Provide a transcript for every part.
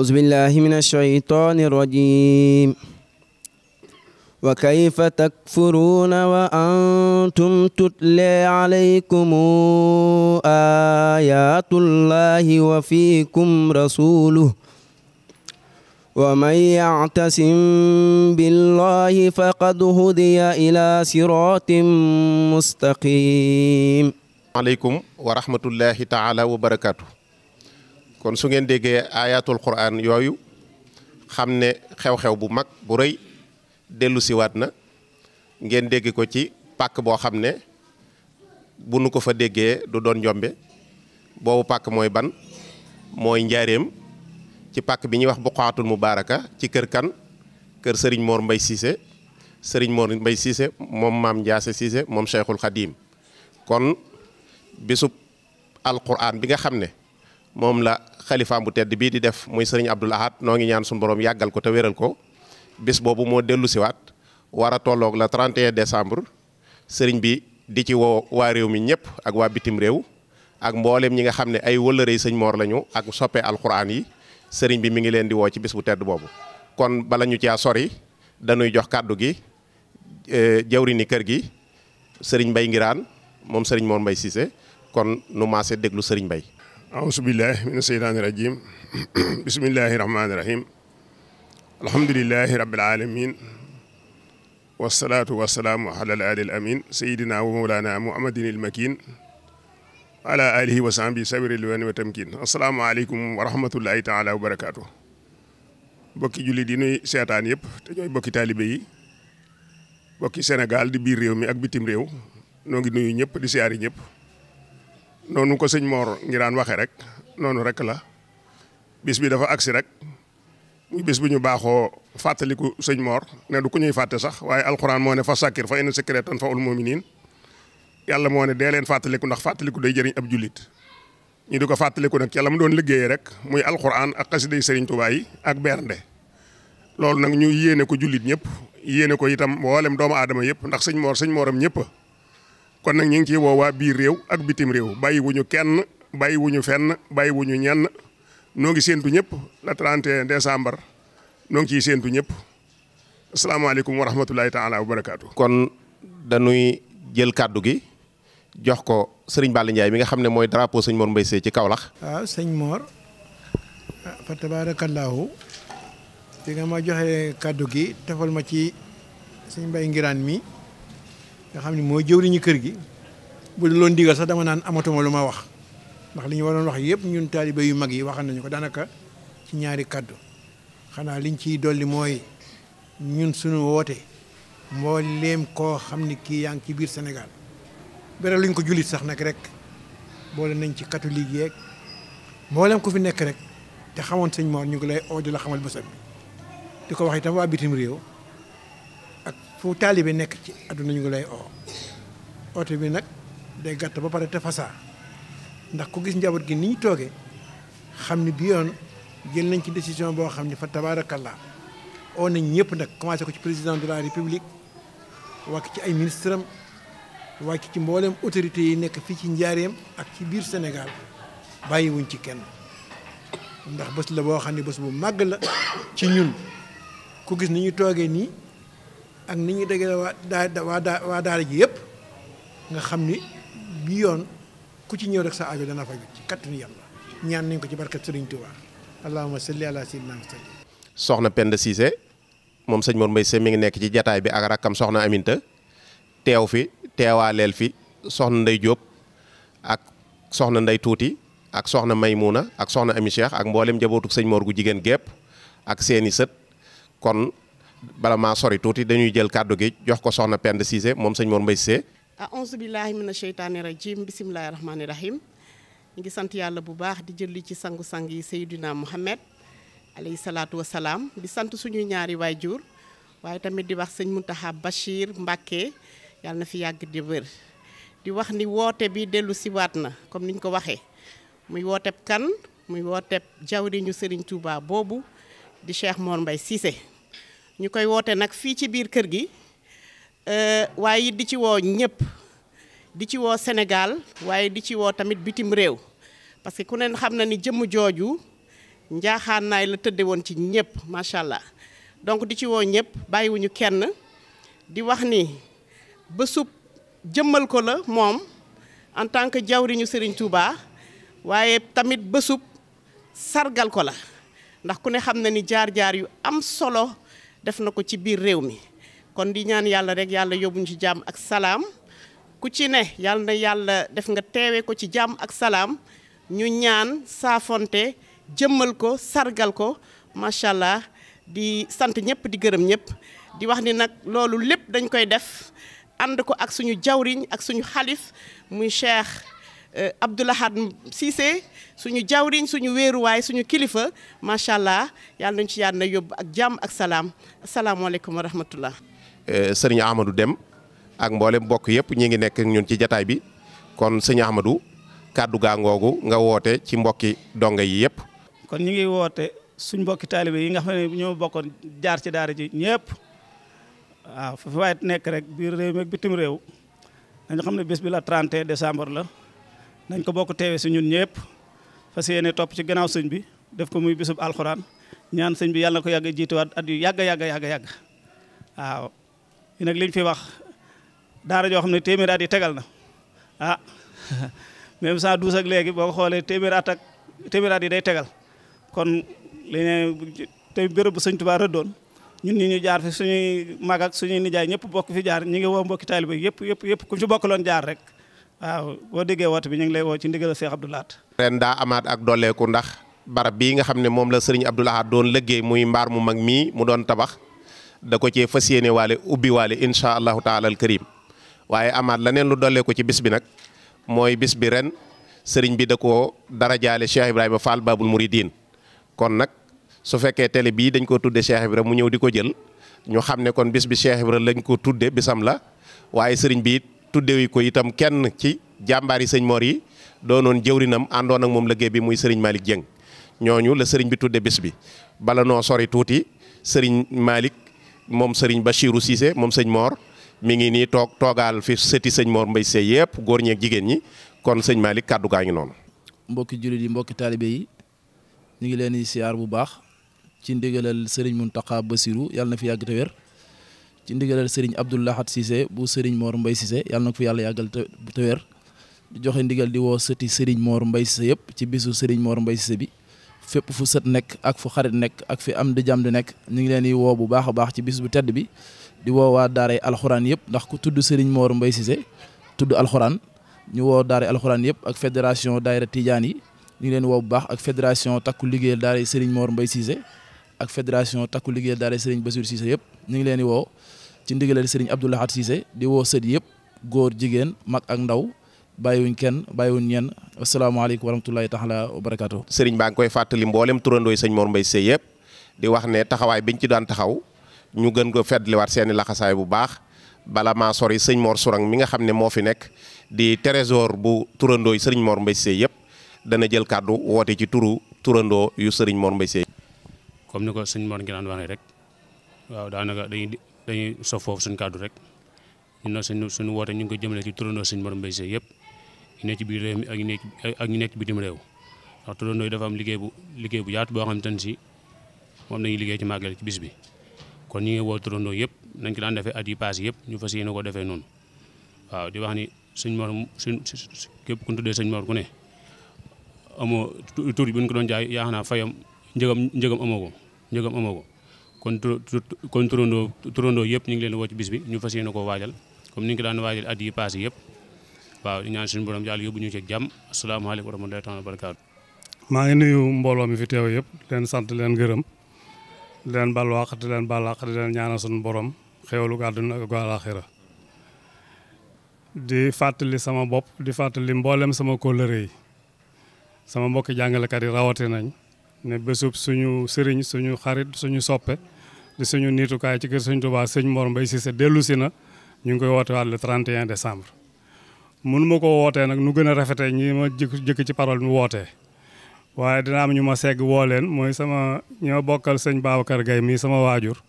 أعوذ بالله من الشيطان الرجيم وكيف تكفرون وأنتم تتلى عليكم آيات الله وفيكم رسوله ومن يعتصم بالله فقد هدي إلى صراط مستقيم عليكم ورحمة الله تعالى وبركاته kon su ngeen déggee ayatul quran yooyu xam ne xew-xew bu mag bu rëy dellu siwaat na ngeen dégg ko ci pàkk boo xam ne bu nu ko fa déggee du doon jombe boobu pàkk mooy ban mooy njaareem ci pàkk bi ñuy wax buqaatul mubaaraka ci kër kan kër sëriñ Mor Mbay Cissé sëriñ Mor Mbay Cissé moom maam Ndiasse Cissé moom Cheikhul Khadim kon bisub alquran bi nga xam ne moom la xalifaam bu tedd bii di def muy sëriñ Abdul Ahad noo ngi ñaan suñu borom yàggal ko te wéral ko bis boobu moo dellu siwaat war a tollook tolloog le 31 décembre sëriñ bi di ci woo waa réew mi ñëpp ak waa bitim réew ak mbooleem ñi nga xam ne ay wëllërey sëñ Moor lañu ak soppe alxuraan yi sëriñ bi mi ngi leen di woo ci bis bu tedd boobu kon bala ñu caa sori dañuy jox kàddu gi eh, jawri ni kër gi sëriñ Mbay Ngiraan moom sëriñ Moor Mbay Cissé kon nu maase déglu sëriñ Mbay ahousubillahi mina seytaani rajim bismillahi rahmaani rahim alhamdulilahi alamin wasalaatu wasalaamu ala al al amin sayidina wa mawlana muhammadin il makin wa ala alihi wa sahbi sabiri liwani wa tamkin asalaamu aleykum wa taala wa barakaatu bokki jullit yi nuy seetaan yëpp te ñooy bokki taalibe bokki Sénégal di biir réew mi ak bitim réew noo ngi nuyu ñëpp di siyaari ñëpp noonu ko sëñ moor Mor daan waxee rek noonu rek la bis bi dafa agsi rek muy bis bu ñu baaxoo fàttaliku sëñ moor ne du ko ñuy fàtte sax waaye alxuraan moo ne fa sàkkir fa in sikratan fa ul niin yàlla moo ne dee leen fàttaliku ndax fàttaliku day jëriñ ab jullit ñu di ko fàttaliku nag yàlla mu doon liggéeyee rek muy alxuraan ak xasiday sëriñ Tuubaa yi ak bernde loolu nag ñu yéene ko jullit ñëpp yéene ko itam mboolem doomu aadama yëpp ndax sëñ Mor sëñ Moram ñëpp kon nag ñu ngi ciy woo waa biir réew ak bitim réew bàyyi wuñu kenn bàyyi wuñu fenn bàyyi wuñu ñenn noo ngi séentu ñëpp le 31 décembre noo ngi ciy séentu ñëpp asalaamaaleykum wa rahmatulahi taala wa barakaatu. kon danuy jël kàddu gi jox ko sëriñ Balla Ndiaye mi nga xam ne mooy drapeau sëñ Mor Mbaye Seye ci Kaolack. waaw sëñ Mor fa tabaarakallaahu bi ma joxee kàddu gi tefal ma ci sëñ Mbaye Ngiraan mi. nga xam ne mooy jëwriñu kër gi bu loon digal sax dama naan amatuma lu ma wax ndax li ñu waroon wax yëpp ñun taalibe yu mag yi waxan nañu ko daanaka ci ñaari kàddu xanaa liñ ciy dolli mooy ñun suñu woote mbooleem koo xam ni kii yaa ngi ci biir Sénégal bere luñ ko jullit sax nag rek boole nañ ci catholique yeeg mbooleem ku fi nekk rek te xamoon sëñ Mor ñu ngi lay oo la xamal bësam bi di ko wax itam waa bitim réew fu taalibe nekk ci àdduna ñu ngi lay oo oote bi nag day gàtt ba pare te fasaa ndax ku gis njaboot gi ni ñu toogee xam ni bi yoon jël nañ ci décision boo xam ni fa tabaarakallaa oo nañ ñëpp nag commencé ko ci président de la république wàcc ci ay ministre am wàcc ci mbooleem autorité yi nekk fii ci njaareem ak ci biir Sénégal bàyyiwuñ ci kenn ndax bés la boo xam ne bés bu màgg la ci ñun ku gis ni toogee nii ak nit ñu dégg waa daa daara ji yëpp nga xam ni bi yoon ku ci ñëw rek sa aajo dana faju ci kattanu yàlla ñaan nañ ko ci barkat Sëriñ Tuubaa allahumma salli ala sayyidina Muhammad soxna Penda Cissé moom sëñ Mor Mbaye mi ngi nekk ci jataay bi ak rakkam soxna Aminta teew fi teewaaleel fi soxna Ndey Jóob ak soxna Ndey Tuuti ak soxna Maymuuna ak soxna Ami Cheikh ak mboolem jabootu sëñ Mor gu jigéen gépp ak seeni sët kon bala maa sori tuuti dañuy jël kàddu gi jox ko soxna Penda Cissé moom sëñ mbay Mor a Cissé aouzu billahi mina sheytaani rajim bisimilahi rahmaani rahim ñu ngi sant yàlla bu baax di jëlli ci sangu-sang yi Seydina Mouhamed alayhi salaatu wa salaam di sant suñuy ñaari jur waaye tamit di wax sëñ Muntaxa Bachir Mbàkke yàlla na fi yàgg di wér di wax ni woote bi dellu siwaat na comme niñ ko waxee muy wooteb kan muy wooteb jawriñu seriñ Touba boobu di Cheikh Mor Mbaye Cissé ñu koy woote nag fii ci biir kër gi euh, waaye di ci woo ñëpp di ci woo Sénégal waaye di ci woo tamit bitim réew parce que ku neen xam na ni jëmm jooju njaaxaan naay la tëdde woon ci ñëpp macha allah donc di ci woo ñëpp bàyyiwuñu kenn di wax ni bésub jëmmal ko la moom en tant que jawriñu Serigne Touba waaye tamit bésub sargal ko la ndax ku ne xam na ni jaar-jaar yu am solo def na ko ci biir réew mi kon di ñaan yàlla rekk yàlla yóbbuñu ci jàmm ak salaam ku ci ne yàlla na yàlla def nga teewee ko ci jàmm ak salaam ñu ñaan saafonte jëmmal ko sargal ko macha allah di sant ñëpp di gërëm ñëpp di wax ni nag loolu lépp dañ koy def ànd ko ak suñu jawriñ ak suñu xalis muy cheikh Euh, Abdou Lahad Cissé suñu jawriñ suñu wéeruwaay suñu kilifa macha allah yàlla nañu ci yàlla yóbbu ak jàmm ak salaam asalaamualeykum wa rahmatullah. Euh, sëriñ Amadou Dem ak mboolem mbokk yëpp ñi ngi nekk ñun ci jataay bi kon sëñ Amadou kàddu gaa ngoogu nga woote ci mbokki donga yi yëpp. kon ñu ngi woote suñ mbokki taalibe yi nga xam ne ñoo bokkoon jaar ci daara ji ñëpp waaw fu fi waaye nekk rek biir réew mi ak bitim réew dañu xam ne bés bi la 31 décembre la. nañ ko bokk teewe si ñun ñëpp fas yéene topp ci gannaaw sëñ bi def ko muy bisub alxuraan ñaan sëñ bi yàlla na ko yàgg a jiituwaat at yu yàgg yàgg yàgg yàgg waaw i nag liñ fi wax daara joo xam ne téeméer at yi tegal na ah même cent douze ak léegi boo xoolee téeméer at yi day tegal kon li ne te béréb bu sëñ Tuubaa rëddoon ñun ñi ñu jaar fi suñuy mag ak suñuy nijaay ñëpp bokk fi jaar ñu ngi woo mbokki taaliba yëpp yëpp yëpp ku ci bokk loon jaar rek waaw boo déggee woote bi ñu ngi lay woo ci ndigal Cheikh Abdou Lahad ren daa amaat ak dolleeku ndax barab bii nga xam ne moom la sëriñ Abdou Lahad doon liggéey muy mbaar mu mag mii mu doon tabax da ko cee fas yéene waale ubbi waale incha allahu taala al karim waaye amaat leneen lu dolleeku ci bis bi nag mooy bis bi ren sëriñ bi da koo darajaale Cheikh Ibrahima Fall Babul Mouridine kon nag su fekkee télé bii dañ koo tudde Cheikh Ibra mu ñëw di ko jël ñu xam ne kon bis bi Cheikh Ibra lañ ko tudde bisam la waaye sëriñ bi tuddewi ko itam kenn ci jàmbaari sëñ moor yi doonoon jëwrinam àndoon ak moom liggéey bi muy sëriñ Malick Dieng ñooñu la sëriñ bi tudde bés bi bala noo sori tuuti sëriñ Malick moom sëriñ bashiru Cissé moom sëñ moor mi ngi nii toog toogaal fi sëti sëñ moor Mbaye Seye yëpp góor ñeek jigéen ñi kon sëñ Malick kàddu gaa ngi noonu. mbokki jullit yi mbokki taalibe yi ñu ngi leen di siyaar bu baax ci ndigalal sëriñ Mountakha Bassirou yàlla na fi yàgg te ci ndigalal sëriñ Abdou Lahad Cissé bu sëriñ moor Mbaye Cissé yàlla na ko fi yàlla yàggal te di joxe ndigal di woo sëti sëriñ Mor mbay Cissé yëpp ci bisu sëriñ Mor Mbaye Cissé bi fépp fu sët nekk ak fu xarit nekk ak fi am di jàmm nekk ñu ngi leen di woo bu baax a baax ci bis bu tedd bi di woowa waa daaray alxuraan yëpp ndax ku tudd sëriñ Mor Mbaye Cissé tudd alxuraan ñu woo daaray alxuraan yëpp ak fédération daayira Tidiane yi ñu ngi leen bu baax ak fédération takku liggéeyal daaray sëriñ Mor Mbaye ak fédération takku liggéey daara Serigne Bassirou Cissé yëpp ñu ngi leen di woo ci ndigalal Serigne Abdou Lahad Cissé di woo sët yëpp góor jigéen mag ak ndaw bàyyiwuñ kenn bàyyiwuñ ñenn asalaamaaleykum wa rahmatulahi taala wa barakaatu. Serigne baa ngi koy fàttali mboolem turandooy sëñ moor Mbaye Seye yëpp di wax ne taxawaay biñ ci daan taxaw ñu gën ko feddliwaat seeni laxasaay bu baax bala maa sori sëñ Mor Sourang mi nga xam ne moo fi nekk di trésor bu turandooy sëriñ Mor Mbaye Seye yëpp dana jël kàddu woote ci turu turandoo yu sëriñ Mor Mbaye Seye comme ni ko sëñ Mor ngi daan waxee rek waaw daanaka dañuy dañuy sof foofu suñ kàddu rek ñun nag suñ suñu woote ñu ngi ko jëmale ci turandoo sëñ Mor Mbaye Seye yëpp ñu nekk ci mi ak ñu ak ñu nekk ci bitim réew ndax turandoo yi am liggéey bu liggéey bu yaatu boo xam ne si moom dañuy liggéey ci màggal ci bis bi kon ñu ngi woo turandoo yëpp nañ ko daan defee at yi yëpp ñu fas yéene ko defee noonu waaw di wax ni sëñ Mor suñ képp ku ñu tuddee sëñ Mor ko doon jaay yaa fayam njëgam njëgam amoo ko njëgam amoo ko kon kon turandoo turandoo yëpp ñu ngi leen woo ci bis bi ñu fas yéene koo waajal comme ni ngi ko daan waajal at yi passé yëpp waaw di ñaan suñu borom yàlla yóbbu ñu ci jàmm asalaamaaleykum wa rahmatullahi taala wa maa ngi nuyu mbooloo mi fi teew yëpp leen sant leen gërëm leen bal wax di leen bal wax di leen ñaanal suñu borom xéwlu àdduna ak àllaaxira di fàttali sama bopp di fàttali mboolem sama kóllëre sama mbokki jàngalekat yi rawati nañ ne bésub suñu sëriñ suñu xarit suñu soppe di suñu niitukaay ci kër Sëñ Tuubaa sëñ mbay Mbaye se dellu si na ñu ngi koy woote waat le 31 décembre mun ma ko wootee nag nu gën a rafetee ñi ma jëkk jëkk ci parole mi wootee waaye dina am ñu ma segg woo leen mooy sama ñi ma bokkal sëñ kër gay mii sama waajur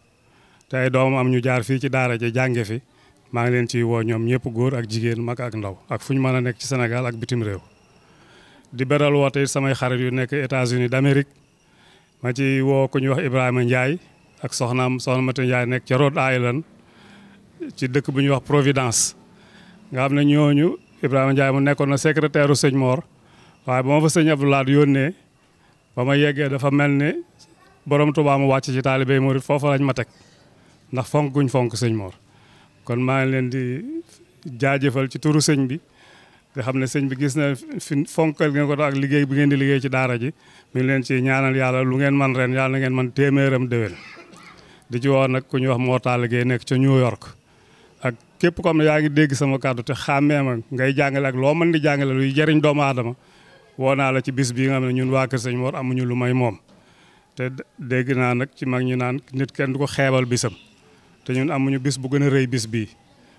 te ay doomam am ñu jaar fii ci daara ji jànge fi maa ngi leen ciy woo ñoom ñëpp góor ak jigéen mag ak ndaw ak fu ñu mën a nekk ci senegal ak bitim réew di beral woote samay xarit yu nekk États-Unis d'Amérique ma ci woo ku ñuy wax Ibrahima Ndiaye ak soxnaam soxna Mata Ndiaye nekk ca Rhode Island ci dëkk bu ñuy wax Providence nga xam ne ñooñu Ibrahima Ndiaye mu nekkoon na secrétaire sëñ moor waaye ba ma fa sëñ Abdou Lahad yónnee ba ma yeggee dafa mel ni boroom Tuubaa mu wàcc ci taalibe murit foofu lañ ma teg ndax fonk guñ fonk sëñ Mor kon maa ngi leen di jaajëfal ci turu sëñ bi nga xam ne sëñ bi gis na fi fonkal ngeen ko ak liggéey bu ngeen di liggéey ci daara ji mi ngi leen ci ñaanal yàlla lu ngeen man ren yàlla na ngeen man téeméeram déwén di ci woo nag ku ñuy wax Mor Talla Gueye nekk ca New York ak képp ko xam ne yaa ngi dégg sama kàddu te xàmmee ma ngay jàngale ak loo mën di jàngale luy jëriñ doomu aadama woo naa la ci bis bii nga xam ne ñun waa Kër Sëñ Mor amuñu lu may moom te dégg naa nag ci mag ñu naan nit kenn du ko xeebal bisam te ñun amuñu bis bu gën a rëy bis bii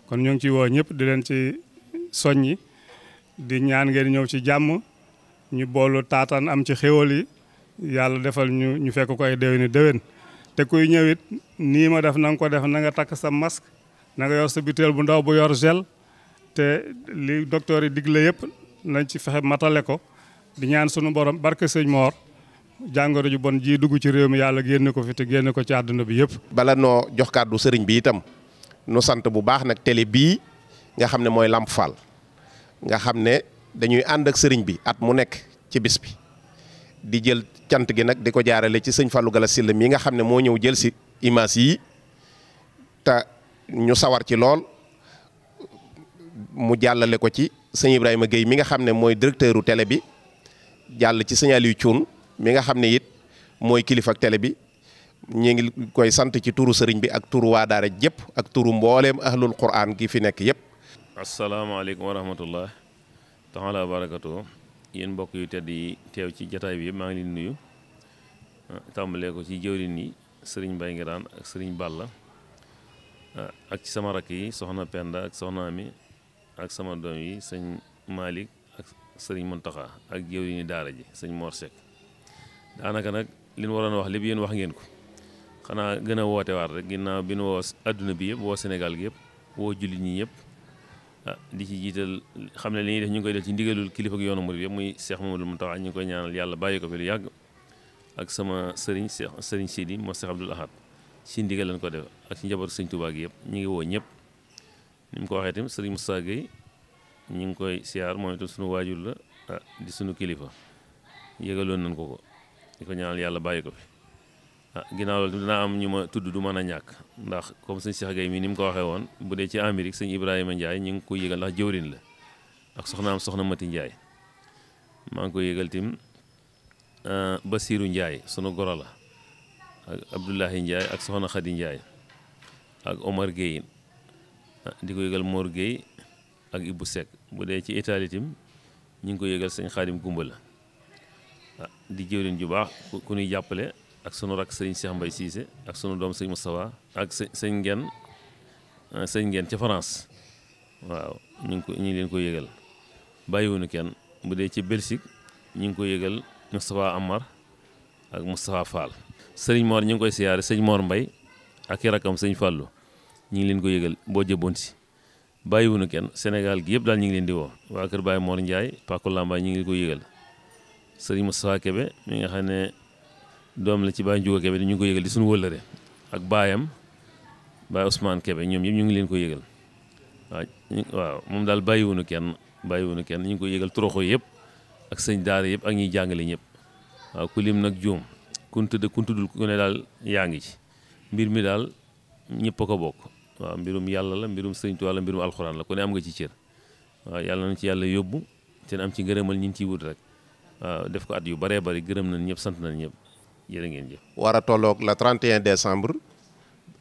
kon ñoo ngi ciy woo ñëpp di leen ci soññi di ñaan ngeen ñëw ci jàmm ñu boolu taataan am ci xéwal yi yàlla defal ñu ñu fekk ko ay déwéni déwén te kuy ñëwit nii ma def nanga ko def na nga takk sa mask na nga yor sa butéel bu ndaw bu yor gel te lii docteur yi digle yëpp nañ ci fexe matale ko di ñaan sunu borom barke sëñ moor jàngoro ju bon jii dugg ci réew mi yàlla génne ko fi te génne ko ci àdduna bi yëpp. bala noo jox kàddu sëriñ bi itam nu sant bu baax nag télé bii nga xam ne mooy Lamp Fall. nga xam ne dañuy ànd ak sëriñ bi at mu nekk ci bis bi di jël cant gi nag di ko jaarale ci sëñ Fallou Galass Syll mi nga xam ne moo ñëw jël si image yi te ñu sawar ci lool mu jàllale ko ci sëñ Ibrahima Guèye mi nga xam ne mooy directeuru tele bi jàll ci sëñ Aliou Thioune mi nga xam ne it mooy kilifa tele bi ñu ngi koy sant ci turu sëriñ bi ak turu waa daara jëpp ak turu mbooleem ahlul quran gi fi nekk yëpp asalaamaaleykum wa rahmatullah taala wa barakatu yéen mbokk yu tedd yi teew ci jataay bi yëpp maa ngi leen nuyu ah, tàmbalee ko ci jëwrin yi sëriñ Mbay Ngiraan ak sëriñ Balla ah, ak ci sama rakk yi soxna Penda ak soxna Ami ak sama doom yi sëñ Malick ak sëriñ Muntaxa ak jëwrin yi daara ji sëñ Mor Seck daanaka nag li ñu waroon wax lépp yéen wax ngeen ko xanaa gën a woote waat rek ginnaaw bi nu woo adduna bi yëpp woo senegal gi woo jullit ñi yëpp di ci jiital xam ne li ñu def ñu ngi koy def ci ndigalul kilifa ak yoonu murid yëpp muy Cheikh Mamadou Mountakha ñu ngi koy ñaanal yàlla bàyyi ko fi lu yàgg ak sama sëriñ Cheikh sëriñ Sidi moo Cheikh Abdoul Ahad si ndigal lañ ko def ak ci njabootu sëriñ Touba gi yëpp ñu ngi woo ñëpp ni mu ko waxee tamit sëriñ Moussa Gueye ñu ngi koy siyaar moom itam suñu waajur la ah, di suñu kilifa yëgaloon nañ ko ko di ko ñaanal yàlla bàyyi ko fi ah ginnaaw loolu dinaa am ñu ma tudd du mën a ñàkk ndax comme sëñ Cheikh mii ni mu ko waxee woon bu dee ci Amérique sëñ Ibrahima Ndiaye ñu ngi ko yëgal ndax jëwrin la ak soxna soxnaam soxna Mati Ndiaye maa ngi ko yëgal tim ah, Basirou Ndiaye sunu goro la ak Abdoulahi Ndiaye ak soxna Khady Ndiaye ak Omar Gueye ah, di ko yëgal moor Gueye ak Ibou Seck bu dee ci Italie ñu ngi ko yëgal sëñ Xaadim Gumba la ah di jëwrin ju baax ku ñuy jàppale ak sunu rak sëñ Cheikh Mbaye Cissé ak sunu doom sëñ Moustapha ak sëñ ngeen sëñ ngeen ca France waaw ñu ngi ko ñu ngi leen ko yëgal bàyyiwuñu kenn bu dee ci Belgique ñu ngi ko yëgal Moustapha Amar ak Moustapha Fall sëriñ Mor ñu ngi koy siyaare sëñ Mor Mbay ak i rakam sëñ Fallou ñu ngi leen koy yëgal boo jëboon si bàyyiwuñu kenn senegal gi yëpp daal ñu ngi leen di woo waa kër Baye Mor Ndiaye Paku Lambaay ñu ngi ko yëgal sëriñ Moustapha Kebe mi nga xam doom la ci Baye Ndiouga Kébé ñu ngi ko yëgal di suñu wëllëre ak baayam Baye Ousmane Kébé ñoom ñëpp ñu ngi leen ko yëgal waaw moom daal bàyyiwunu kenn bàyyiwunu kenn ñu ngi ko yëgal toroxo yëpp ak sëñ daara yëpp ak ñuy jàngale ñëpp waaw ku lim nag juum kun tëdd kun tuddul ku ne daal yaa ngi ci mbir mi daal ñëpp ko bokk waaw mbirum yàlla la mbirum sëñ Tuubaa la mbirum alxuraan la ko ne am nga ci cër waaw yàlla na ci yàlla yóbbu te am ci ngërëmal ñu ngi ciy wut rek def ko at yu baree bari gërëm nañ ñëpp sant nañ ñëpp jërë ngeen jëf war a tolloog le 31 décembre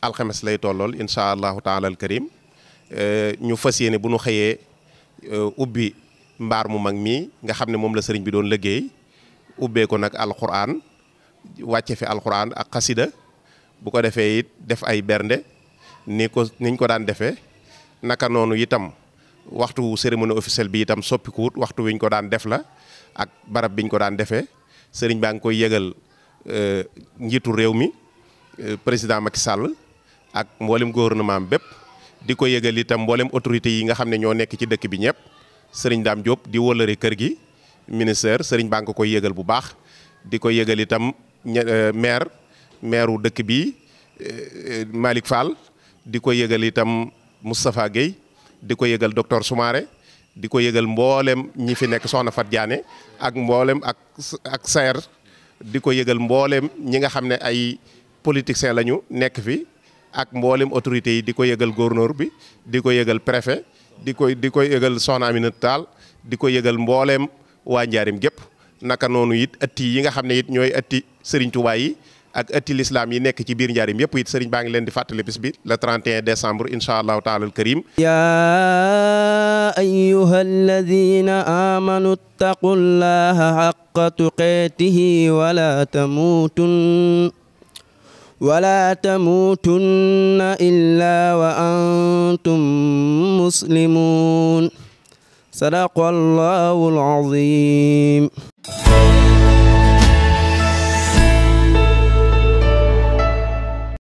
alxames lay tollool incha allahu taala al karim euh, ñu fas yéene bu ñu xëyee euh, ubbi mbaar mu mag mii nga xam ne moom la sëriñ bi doon liggéey ubbee ko nag alquran wàcce fi alxuraan ak xasida bu ko defee it def ay bernde ni ko niñ ko daan defee naka noonu itam waxtu cérémonie officielle bi itam soppikuut waxtu wiñ ko daan def la ak barab biñ ko daan defee sëriñ baa ngi koy yëgal Euh, njiitu réew mi euh, président Macky Sall ak mboolem gouvernement bépp di ko yëgal itam mbooleem autorités yi nga xam ne ñoo nekk ci dëkk bi ñëpp sëriñ Dame Diop di wólëre kër gi ministère sëriñ baa nga koy yégal bu baax di ko yëgal itam euh, maire maireu dëkk bi Malick Fall di ko yëgal itam Moustapha Guèye di ko yëgal docteur Soumaré di ko yëgal mbooleem ñi fi nekk soxna Fat Diané ak mbooleem ak ak saer di ko yëgal mbooleem ñi nga xam ne ay politiciens lañu nekk fi ak mboolem autorités yi di ko yëgal gouverneur bi di ko yëgal préfet di koy di koy yëgal soxna Aminata Tall di ko yëgal mbooleem waa Njaarim gépp naka noonu it ëtt yi nga xam ne it ñooy atti Serigne Touba yi ak ëtti lislaam yi nekk ci biir njaarim yëpp it sëriñ baa ngi leen di fàttali bis bi le 31 décembre incha allahu taala al karim yaa ayyuha alladina amanu ittaqullaha haqqa tuqatihi wala tamutun wala tamutunna illa wa antum muslimun sadaqallahu alazim